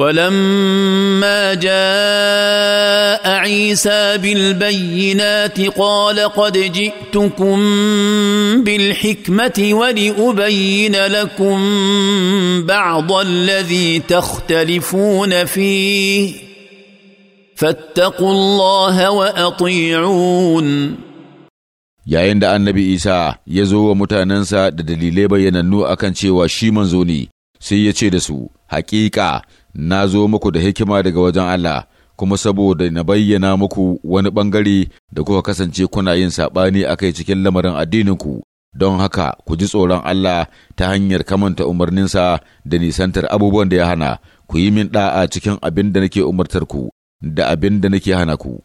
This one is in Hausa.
ولما جاء عيسى بالبينات قال قد جئتكم بالحكمه ولابين لكم بعض الذي تختلفون فيه فاتقوا الله واطيعون yayin da annabi isa ya zo wa mutanensa da dalilai bayyanannu akan cewa shi manzo ne sai ya ce da su haƙiƙa na zo muku da hikima daga wajen Allah, kuma saboda na bayyana muku wani ɓangare da kuka kasance kuna yin saɓani a kai cikin lamarin addininku, don haka ku ji tsoron Allah ta hanyar kamanta umarninsa da nisantar abubuwan da ya hana, ku yi min ɗa'a cikin abin da nake umartarku da abin da nake hana ku.